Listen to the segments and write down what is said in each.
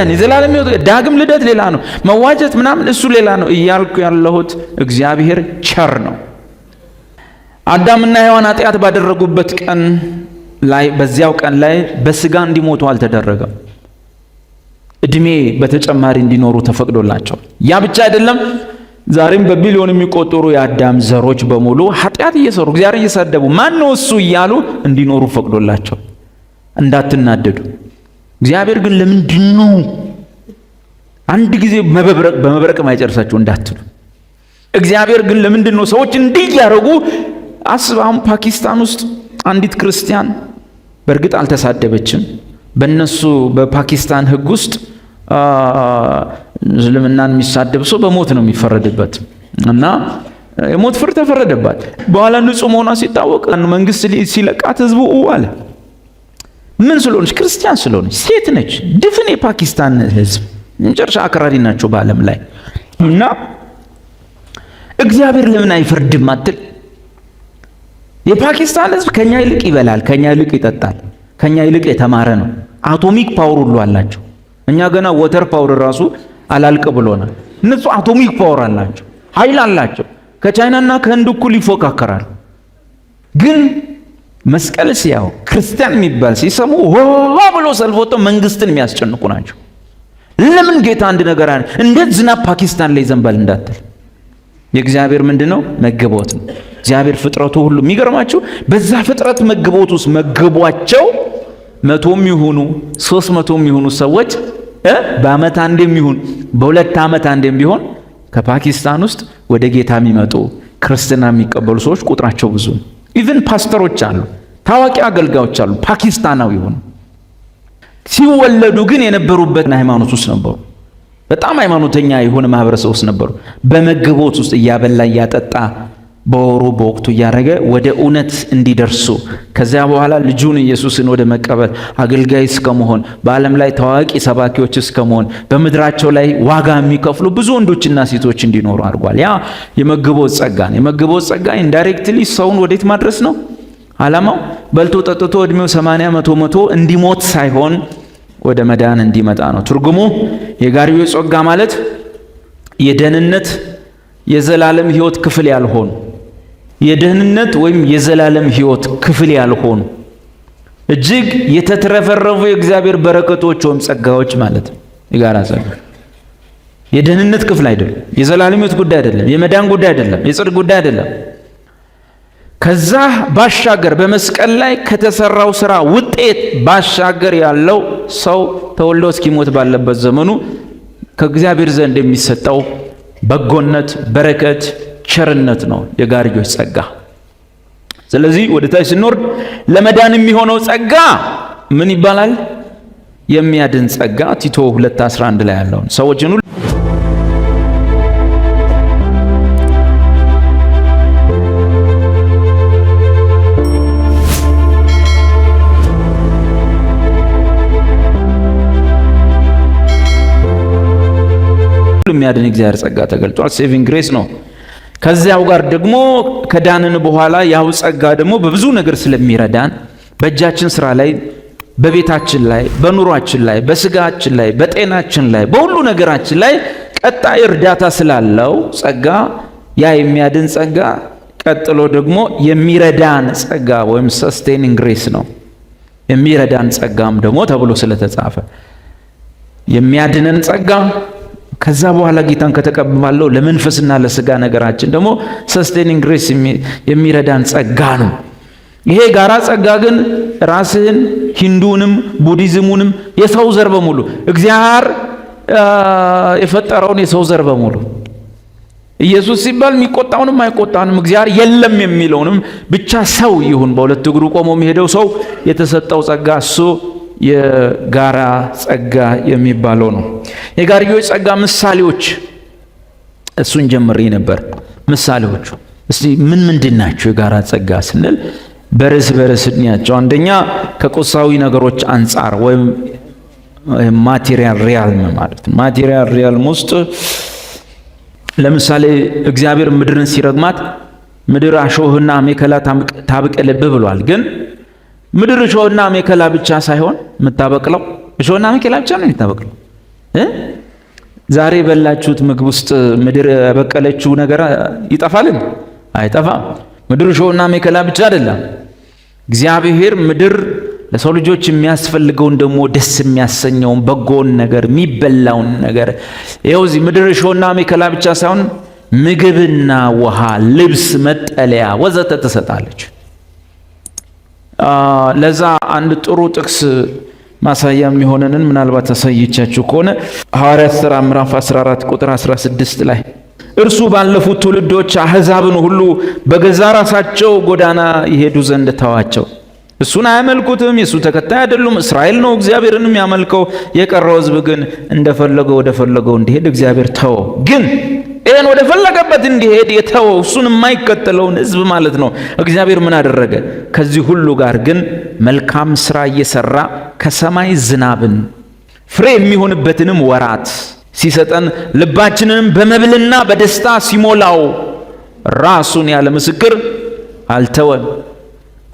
መዳን የዘላለም ሕይወት ዳግም ልደት ሌላ ነው። መዋጀት ምናምን እሱ ሌላ ነው እያልኩ ያለሁት እግዚአብሔር ቸር ነው። አዳምና ሔዋን ኃጢአት ባደረጉበት ቀን ላይ በዚያው ቀን ላይ በስጋ እንዲሞቱ አልተደረገም። እድሜ በተጨማሪ እንዲኖሩ ተፈቅዶላቸው ያ ብቻ አይደለም። ዛሬም በቢሊዮን የሚቆጠሩ የአዳም ዘሮች በሙሉ ኃጢአት እየሰሩ እግዚአብሔር እየሰደቡ ማን ነው እሱ እያሉ እንዲኖሩ ፈቅዶላቸው እንዳትናደዱ እግዚአብሔር ግን ለምንድን ነው አንድ ጊዜ በመብረቅ ማይጨርሳቸው እንዳትሉ። እግዚአብሔር ግን ለምንድን ነው ሰዎች እንዲህ እያደረጉ አስብ። አሁን ፓኪስታን ውስጥ አንዲት ክርስቲያን በእርግጥ አልተሳደበችም። በእነሱ በፓኪስታን ሕግ ውስጥ እስልምናን የሚሳደብ ሰው በሞት ነው የሚፈረድበት እና የሞት ፍርድ ተፈረደባት። በኋላ ንጹሕ መሆኗ ሲታወቅ መንግስት ሲለቃት ህዝቡ አለ ምን ስለሆነች? ክርስቲያን ስለሆነች፣ ሴት ነች። ድፍን የፓኪስታን ህዝብ መጨረሻ አክራሪ ናቸው በዓለም ላይ እና እግዚአብሔር ለምን አይፈርድም አትል። የፓኪስታን ህዝብ ከኛ ይልቅ ይበላል፣ ከኛ ይልቅ ይጠጣል፣ ከኛ ይልቅ የተማረ ነው። አቶሚክ ፓወር ሁሉ አላቸው። እኛ ገና ወተር ፓወር ራሱ አላልቅ ብሎናል። እነሱ አቶሚክ ፓወር አላቸው፣ ኃይል አላቸው። ከቻይናና ከህንድ እኩል ይፎካከራል ግን መስቀል ሲያው ክርስቲያን የሚባል ሲሰሙ ሆ ብሎ ሰልፍ መንግስትን የሚያስጨንቁ ናቸው። ለምን ጌታ አንድ ነገር አለ፣ እንዴት ዝናብ ፓኪስታን ላይ ዘንባል እንዳትል የእግዚአብሔር ምንድነው መግቦት ነው። እግዚአብሔር ፍጥረቱ ሁሉ የሚገርማችሁ በዛ ፍጥረት መግቦት ውስጥ መግቧቸው መቶም ይሁኑ ሶስት መቶም ይሁኑ ሰዎች በአመት አንዴም ይሁን በሁለት አመት አንዴም ቢሆን ከፓኪስታን ውስጥ ወደ ጌታ የሚመጡ ክርስትና የሚቀበሉ ሰዎች ቁጥራቸው ብዙ ነው። ኢቨን ፓስተሮች አሉ። ታዋቂ አገልጋዮች አሉ። ፓኪስታናዊ የሆኑ ሲወለዱ ግን የነበሩበት ሃይማኖት ውስጥ ነበሩ። በጣም ሃይማኖተኛ የሆነ ማህበረሰብ ውስጥ ነበሩ። በመግቦት ውስጥ እያበላ እያጠጣ በወሩ በወቅቱ እያደረገ ወደ እውነት እንዲደርሱ ከዚያ በኋላ ልጁን ኢየሱስን ወደ መቀበል አገልጋይ እስከመሆን በዓለም ላይ ታዋቂ ሰባኪዎች መሆን በምድራቸው ላይ ዋጋ የሚከፍሉ ብዙ ወንዶችና ሴቶች እንዲኖሩ አድርጓል። ያ የመግቦት ጸጋ ነው። የመግቦት ጸጋ ኢንዳይሬክትሊ ሰውን ወዴት ማድረስ ነው? ዓላማው በልቶ ጠጥቶ እድሜው 80 መቶ መቶ እንዲሞት ሳይሆን ወደ መዳን እንዲመጣ ነው። ትርጉሙ የጋሪዮ ጸጋ ማለት የደህንነት የዘላለም ህይወት ክፍል ያልሆኑ የደህንነት ወይም የዘላለም ህይወት ክፍል ያልሆኑ እጅግ የተትረፈረፉ የእግዚአብሔር በረከቶች ወይም ጸጋዎች ማለት ነው። የጋራ ጸጋ የደህንነት ክፍል አይደለም። የዘላለም ህይወት ጉዳይ አይደለም። የመዳን ጉዳይ አይደለም። የጽድቅ ጉዳይ አይደለም። ከዛ ባሻገር በመስቀል ላይ ከተሰራው ስራ ውጤት ባሻገር ያለው ሰው ተወልዶ እስኪሞት ባለበት ዘመኑ ከእግዚአብሔር ዘንድ የሚሰጠው በጎነት፣ በረከት፣ ቸርነት ነው፣ የጋርጆች ጸጋ። ስለዚህ ወደ ታች ስንወርድ ለመዳን የሚሆነው ጸጋ ምን ይባላል? የሚያድን ጸጋ ቲቶ 2:11 ላይ ያለውን ሰዎችን የሚያድን እግዚአብሔር ጸጋ ተገልጧል። ሴቪንግ ግሬስ ነው። ከዚያው ጋር ደግሞ ከዳንን በኋላ ያው ጸጋ ደግሞ በብዙ ነገር ስለሚረዳን በእጃችን ስራ ላይ፣ በቤታችን ላይ፣ በኑሯችን ላይ፣ በስጋችን ላይ፣ በጤናችን ላይ፣ በሁሉ ነገራችን ላይ ቀጣይ እርዳታ ስላለው ጸጋ ያ የሚያድን ጸጋ ቀጥሎ ደግሞ የሚረዳን ጸጋ ወይም ሰስቴኒንግ ግሬስ ነው። የሚረዳን ጸጋም ደግሞ ተብሎ ስለተጻፈ የሚያድነን ጸጋ ከዛ በኋላ ጌታን ከተቀበልነው ለመንፈስና ለስጋ ነገራችን ደግሞ ሰስቴኒንግ ግሬስ የሚረዳን ጸጋ ነው። ይሄ ጋራ ጸጋ ግን ራስህን ሂንዱንም ቡዲዝሙንም የሰው ዘር በሙሉ እግዚአብሔር የፈጠረውን የሰው ዘር በሙሉ ኢየሱስ ሲባል የሚቆጣውንም አይቆጣንም እግዚአብሔር የለም የሚለውንም ብቻ ሰው ይሁን በሁለት እግሩ ቆሞ የሚሄደው ሰው የተሰጠው ጸጋ እሱ የጋራ ጸጋ የሚባለው ነው። የጋርዮች ጸጋ ምሳሌዎች እሱን ጀምሬ ነበር። ምሳሌዎቹ እስቲ ምን ምንድን ናቸው? የጋራ ጸጋ ስንል በርዕስ በርዕስ እንያቸው። አንደኛ ከቁሳዊ ነገሮች አንጻር ወይም ማቴሪያል ሪያልም ማለት ነው። ማቴሪያል ሪያልም ውስጥ ለምሳሌ እግዚአብሔር ምድርን ሲረግማት ምድር አሾህና አሜከላ ታብቅልብ ብሏል ግን ምድር እሾህና ሜከላ ብቻ ሳይሆን የምታበቅለው እሾህና ሜከላ ብቻ ነው የምታበቅለው። ዛሬ በላችሁት ምግብ ውስጥ ምድር ያበቀለችው ነገር ይጠፋልን? አይጠፋም። ምድር እሾህና ሜከላ ብቻ አይደለም። እግዚአብሔር ምድር ለሰው ልጆች የሚያስፈልገውን ደግሞ ደስ የሚያሰኘውን በጎን ነገር የሚበላውን ነገር ይኸው እዚህ ምድር እሾህና ሜከላ ብቻ ሳይሆን ምግብና ውሃ፣ ልብስ፣ መጠለያ ወዘተ ትሰጣለች። ለዛ አንድ ጥሩ ጥቅስ ማሳያ የሚሆነንን ምናልባት አሳየቻችሁ ከሆነ ሐዋርያት ሥራ ምዕራፍ 14 ቁጥር 16 ላይ እርሱ ባለፉት ትውልዶች አሕዛብን ሁሉ በገዛ ራሳቸው ጎዳና ይሄዱ ዘንድ ተዋቸው። እሱን አያመልኩትም፣ የእሱ ተከታይ አይደሉም። እስራኤል ነው እግዚአብሔርን የሚያመልከው፣ የቀረው ሕዝብ ግን እንደፈለገው ወደፈለገው እንዲሄድ እግዚአብሔር ተወ። ግን ይህን ወደ ፈለገበት እንዲሄድ የተወው እሱን የማይከተለውን ህዝብ ማለት ነው። እግዚአብሔር ምን አደረገ? ከዚህ ሁሉ ጋር ግን መልካም ስራ እየሰራ ከሰማይ ዝናብን ፍሬ የሚሆንበትንም ወራት ሲሰጠን ልባችንንም በመብልና በደስታ ሲሞላው ራሱን ያለ ምስክር አልተወም።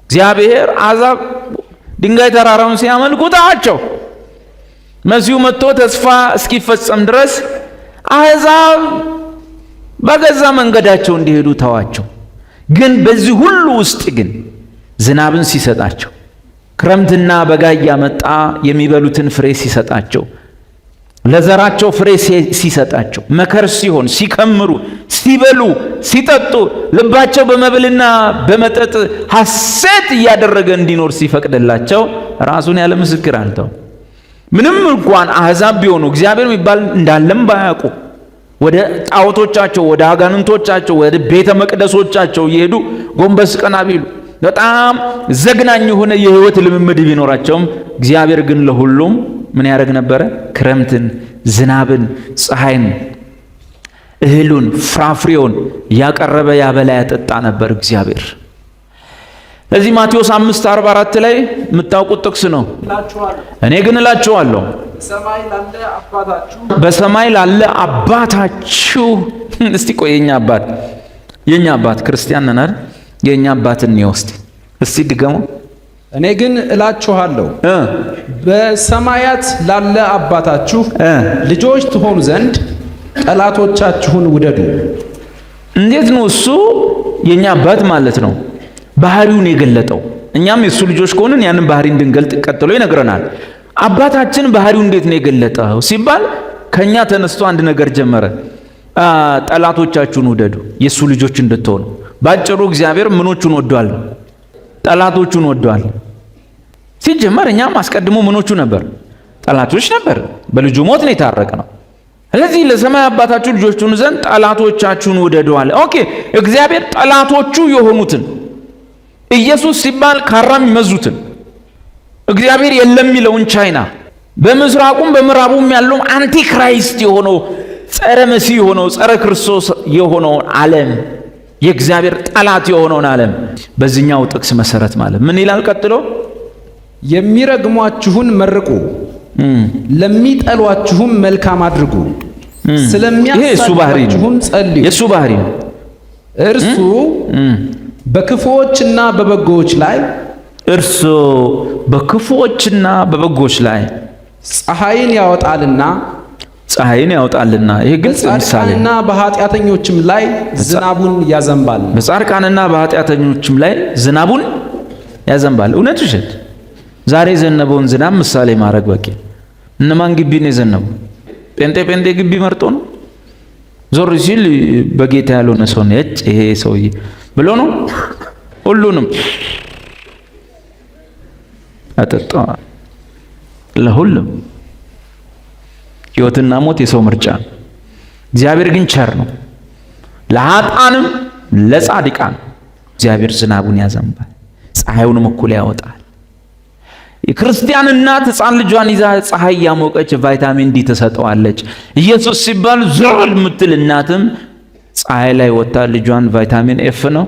እግዚአብሔር አዛብ ድንጋይ ተራራውን ሲያመልኩ ጣቸው መሲሁ መጥቶ ተስፋ እስኪፈጸም ድረስ አሕዛብ በገዛ መንገዳቸው እንዲሄዱ ተዋቸው። ግን በዚህ ሁሉ ውስጥ ግን ዝናብን ሲሰጣቸው፣ ክረምትና በጋ እያመጣ የሚበሉትን ፍሬ ሲሰጣቸው፣ ለዘራቸው ፍሬ ሲሰጣቸው፣ መከር ሲሆን ሲከምሩ፣ ሲበሉ፣ ሲጠጡ ልባቸው በመብልና በመጠጥ ሐሴት እያደረገ እንዲኖር ሲፈቅድላቸው ራሱን ያለ ምስክር አልተው ምንም እንኳን አሕዛብ ቢሆኑ እግዚአብሔር የሚባል እንዳለም ባያውቁ ወደ ጣዖቶቻቸው ወደ አጋንንቶቻቸው ወደ ቤተ መቅደሶቻቸው እየሄዱ ጎንበስ ቀና ቢሉ በጣም ዘግናኝ የሆነ የህይወት ልምምድ ቢኖራቸውም እግዚአብሔር ግን ለሁሉም ምን ያደርግ ነበረ? ክረምትን፣ ዝናብን፣ ፀሐይን፣ እህሉን፣ ፍራፍሬውን ያቀረበ ያበላ ያጠጣ ነበር እግዚአብሔር። ለዚህ ማቴዎስ 5 44 ላይ የምታውቁት ጥቅስ ነው። እኔ ግን እላችኋለሁ በሰማይ ላለ አባታችሁ። እስቲ ቆይ የኛ አባት የኛ አባት ክርስቲያን ነን አይደል? የኛ አባት ነው እስቲ ድገሙ። እኔ ግን እላችኋለሁ በሰማያት ላለ አባታችሁ ልጆች ትሆኑ ዘንድ ጠላቶቻችሁን ውደዱ። እንዴት ነው እሱ የኛ አባት ማለት ነው። ባህሪውን የገለጠው እኛም የእሱ ልጆች ከሆንን ያንን ባህሪ እንድንገልጥ ቀጥሎ ይነግረናል። አባታችን ባህሪው እንዴት ነው የገለጠው ሲባል ከኛ ተነስቶ አንድ ነገር ጀመረ። ጠላቶቻችሁን ውደዱ የእሱ ልጆች እንድትሆኑ። ባጭሩ እግዚአብሔር ምኖቹን ወዷል? ጠላቶቹን ወዷል። ሲጀመር እኛም አስቀድሞ ምኖቹ ነበር? ጠላቶች ነበር። በልጁ ሞት ነው የታረቅ ነው። ስለዚህ ለሰማይ አባታችሁ ልጆች ሁኑ ዘንድ ጠላቶቻችሁን ውደዱ አለ። ኦኬ እግዚአብሔር ጠላቶቹ የሆኑትን ኢየሱስ ሲባል ካራ የሚመዙትን እግዚአብሔር የለም የሚለውን ቻይና በምስራቁም በምዕራቡም ያለው አንቲክራይስት የሆነው ጸረ መሲህ የሆነው ጸረ ክርስቶስ የሆነውን ዓለም የእግዚአብሔር ጠላት የሆነውን ዓለም በዚህኛው ጥቅስ መሰረት ማለት ምን ይላል? ቀጥሎ የሚረግሟችሁን መርቁ፣ ለሚጠሏችሁም መልካም አድርጉ፣ ስለሚያሳድዷችሁም ጸልዩ። የእሱ ባህሪ ነው። እርሱ በክፉዎችና በበጎዎች ላይ እርሱ በክፉዎችና በበጎች ላይ ፀሐይን ያወጣልና ፀሐይን ያወጣልና። ይሄ ግልጽ ምሳሌ እና በኃጢአተኞችም ላይ ዝናቡን ያዘንባል። በጻድቃንና በኃጢአተኞችም ላይ ዝናቡን ያዘንባል። እውነት ውሸት? ዛሬ የዘነበውን ዝናብ ምሳሌ ማድረግ በቂ። እነማን ግቢ ነው የዘነበው? ጴንጤ ጴንጤ ግቢ መርጦ ነው ዞር ሲል በጌታ ያልሆነ ሰው ነጭ ይሄ ሰውዬ ብሎ ነው ሁሉንም አጠጣ ለሁሉም ሕይወትና ሞት የሰው ምርጫ ነው። እግዚአብሔር ግን ቸር ነው፣ ለሀጣንም ለጻድቃን እግዚአብሔር ዝናቡን ያዘንባል፣ ፀሐዩንም እኩል ያወጣል። የክርስቲያን እናት ሕፃን ልጇን ይዛ ፀሐይ እያሞቀች ቫይታሚን ዲ ትሰጠዋለች። ኢየሱስ ሲባል ዞል የምትል እናትም ፀሐይ ላይ ወጣ ልጇን ቫይታሚን ኤፍ ነው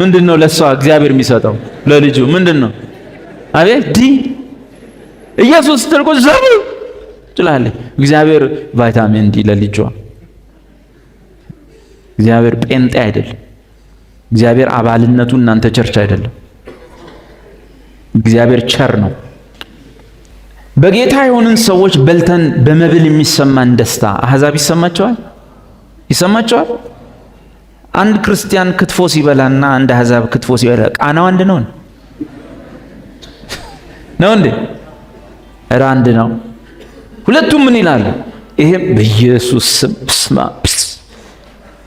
ምንድን ነው ለእሷ እግዚአብሔር የሚሰጠው ለልጁ ምንድን ነው? አቤት ዲ ኢየሱስ ትልቁ ዘብ ትላለህ። እግዚአብሔር ቫይታሚን ዲ ለልጇ። እግዚአብሔር ጴንጤ አይደለም። እግዚአብሔር አባልነቱ እናንተ ቸርች አይደለም። እግዚአብሔር ቸር ነው። በጌታ የሆንን ሰዎች በልተን በመብል የሚሰማን ደስታ አሕዛብ ይሰማቸዋል፣ ይሰማቸዋል። አንድ ክርስቲያን ክትፎ ሲበላና አንድ አሕዛብ ክትፎ ሲበላ ቃናው አንድ ነውን? ነው እንዴ? እረ አንድ ነው። ሁለቱም ምን ይላሉ? ይሄም በኢየሱስ ስም ስማ፣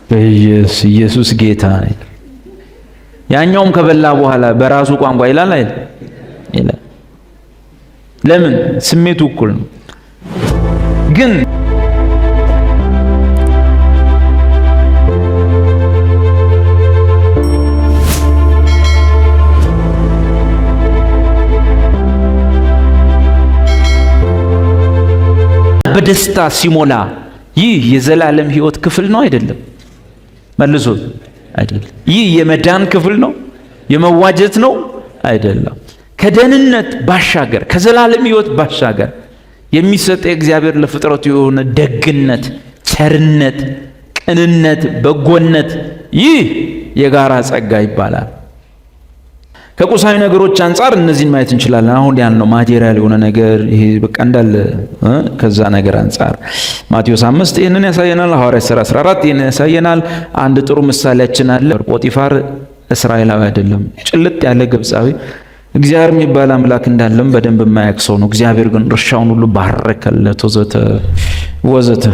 በኢየሱስ ኢየሱስ ጌታ ነው። ያኛውም ከበላ በኋላ በራሱ ቋንቋ ይላል አይደል? ይላል። ለምን? ስሜቱ እኩል ነው ግን በደስታ ሲሞላ ይህ የዘላለም ህይወት ክፍል ነው አይደለም? መልሶ አይደለም። ይህ የመዳን ክፍል ነው የመዋጀት ነው አይደለም። ከደህንነት ባሻገር ከዘላለም ህይወት ባሻገር የሚሰጥ የእግዚአብሔር ለፍጥረቱ የሆነ ደግነት፣ ቸርነት፣ ቅንነት፣ በጎነት ይህ የጋራ ጸጋ ይባላል። ከቁሳዊ ነገሮች አንጻር እነዚህን ማየት እንችላለን። አሁን ያን ነው ማቴሪያል የሆነ ነገር ይሄ በቃ እንዳለ ከዛ ነገር አንጻር ማቴዎስ አምስት ይህንን ያሳየናል። ሐዋርያት ሥራ 14 ይህንን ያሳየናል። አንድ ጥሩ ምሳሌያችን አለ። ጶጢፋር እስራኤላዊ አይደለም፣ ጭልጥ ያለ ግብፃዊ እግዚአብሔር የሚባል አምላክ እንዳለም በደንብ የማያውቅ ሰው ነው። እግዚአብሔር ግን እርሻውን ሁሉ ባረከለት ወዘተ ወዘተ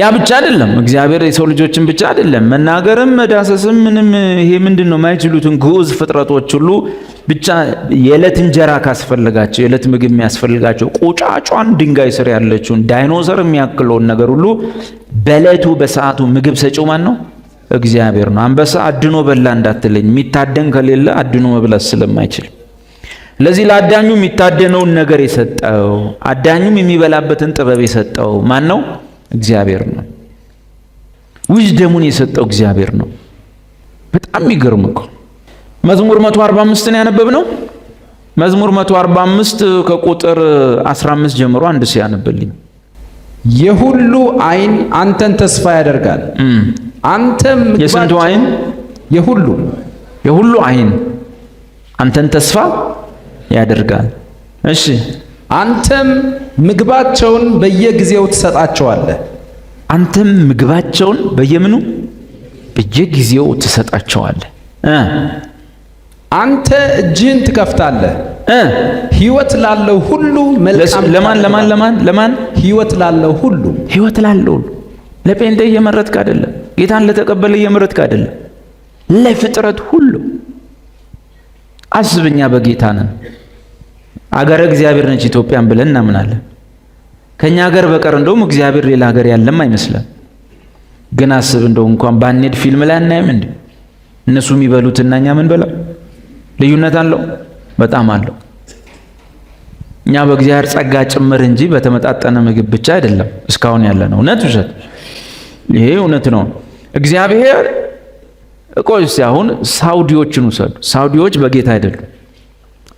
ያ ብቻ አይደለም። እግዚአብሔር የሰው ልጆችን ብቻ አይደለም መናገርም መዳሰስም ምንም ይሄ ምንድን ነው የማይችሉትን ግዑዝ ፍጥረቶች ሁሉ ብቻ የዕለት እንጀራ ካስፈልጋቸው የዕለት ምግብ የሚያስፈልጋቸው ቁጫጯን ድንጋይ ስር ያለችውን ዳይኖሰር የሚያክለውን ነገር ሁሉ በዕለቱ በሰዓቱ ምግብ ሰጪው ማን ነው? እግዚአብሔር ነው። አንበሳ አድኖ በላ እንዳትለኝ፣ የሚታደን ከሌለ አድኖ መብላት ስለማይችል ለዚህ ለአዳኙ የሚታደነውን ነገር የሰጠው አዳኙም የሚበላበትን ጥበብ የሰጠው ማን ነው? እግዚአብሔር ነው። ዊዝደሙን የሰጠው እግዚአብሔር ነው። በጣም የሚገርም እኮ መዝሙር 145 ነው ያነበብነው። መዝሙር 145 ከቁጥር 15 ጀምሮ አንድ ሰው ያነብልኝ። የሁሉ አይን አንተን ተስፋ ያደርጋል። አንተም የስንቱ አይን? የሁሉ የሁሉ አይን አንተን ተስፋ ያደርጋል። እሺ አንተም ምግባቸውን በየጊዜው ትሰጣቸዋለህ። አንተም ምግባቸውን በየምኑ በየጊዜው ትሰጣቸዋለህ። አንተ እጅህን ትከፍታለህ። ሕይወት ላለው ሁሉ መልካም ለማን ለማን ለማን ለማን ሕይወት ላለው ሁሉ ሕይወት ላለው ሁሉ ለጴንጤ እየመረጥክ አይደለም። ጌታን ለተቀበለ እየመረጥክ አይደለም። ለፍጥረት ሁሉ አስብኛ በጌታ ነን አገረ እግዚአብሔር ነች ኢትዮጵያን ብለን እናምናለን። ከኛ ሀገር በቀር እንደውም እግዚአብሔር ሌላ ሀገር ያለም አይመስልም። ግን አስብ እንደው እንኳን ባንሄድ ፊልም ላይ አናይም እንዴ? እነሱ የሚበሉትና እኛ ምን በላው ልዩነት አለው? በጣም አለው። እኛ በእግዚአብሔር ጸጋ ጭምር እንጂ በተመጣጠነ ምግብ ብቻ አይደለም እስካሁን ያለ ነው። እውነት ውሸት? ይሄ እውነት ነው። እግዚአብሔር እቆይ አሁን ሳውዲዎችን ውሰዱ። ሳውዲዎች በጌታ አይደሉም።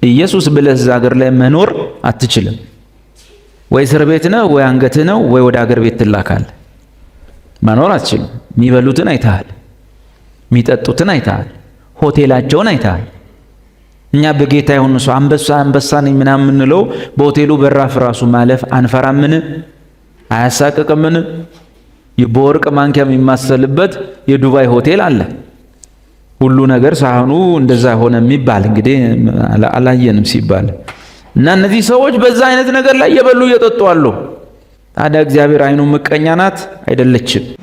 ኢየሱስ ብለህ እዛ ሀገር ላይ መኖር አትችልም። ወይ እስር ቤት ነው፣ ወይ አንገትህ ነው፣ ወይ ወደ ሀገር ቤት ትላካል። መኖር አትችልም። የሚበሉትን አይተሃል፣ የሚጠጡትን አይተሃል፣ ሆቴላቸውን አይተሃል። እኛ በጌታ የሆኑ ሰው አንበሳ አንበሳ ነኝ ምናምን የምንለው በሆቴሉ በራፍ ራሱ ማለፍ አንፈራምን? አያሳቅቅምን? በወርቅ ማንኪያ የሚማሰልበት የዱባይ ሆቴል አለ። ሁሉ ነገር ሳህኑ እንደዛ ሆነ የሚባል እንግዲህ አላየንም ሲባል እና እነዚህ ሰዎች በዛ አይነት ነገር ላይ የበሉ እየጠጡ አሉ። ታዲያ እግዚአብሔር አይኑ ምቀኛ ናት አይደለችም?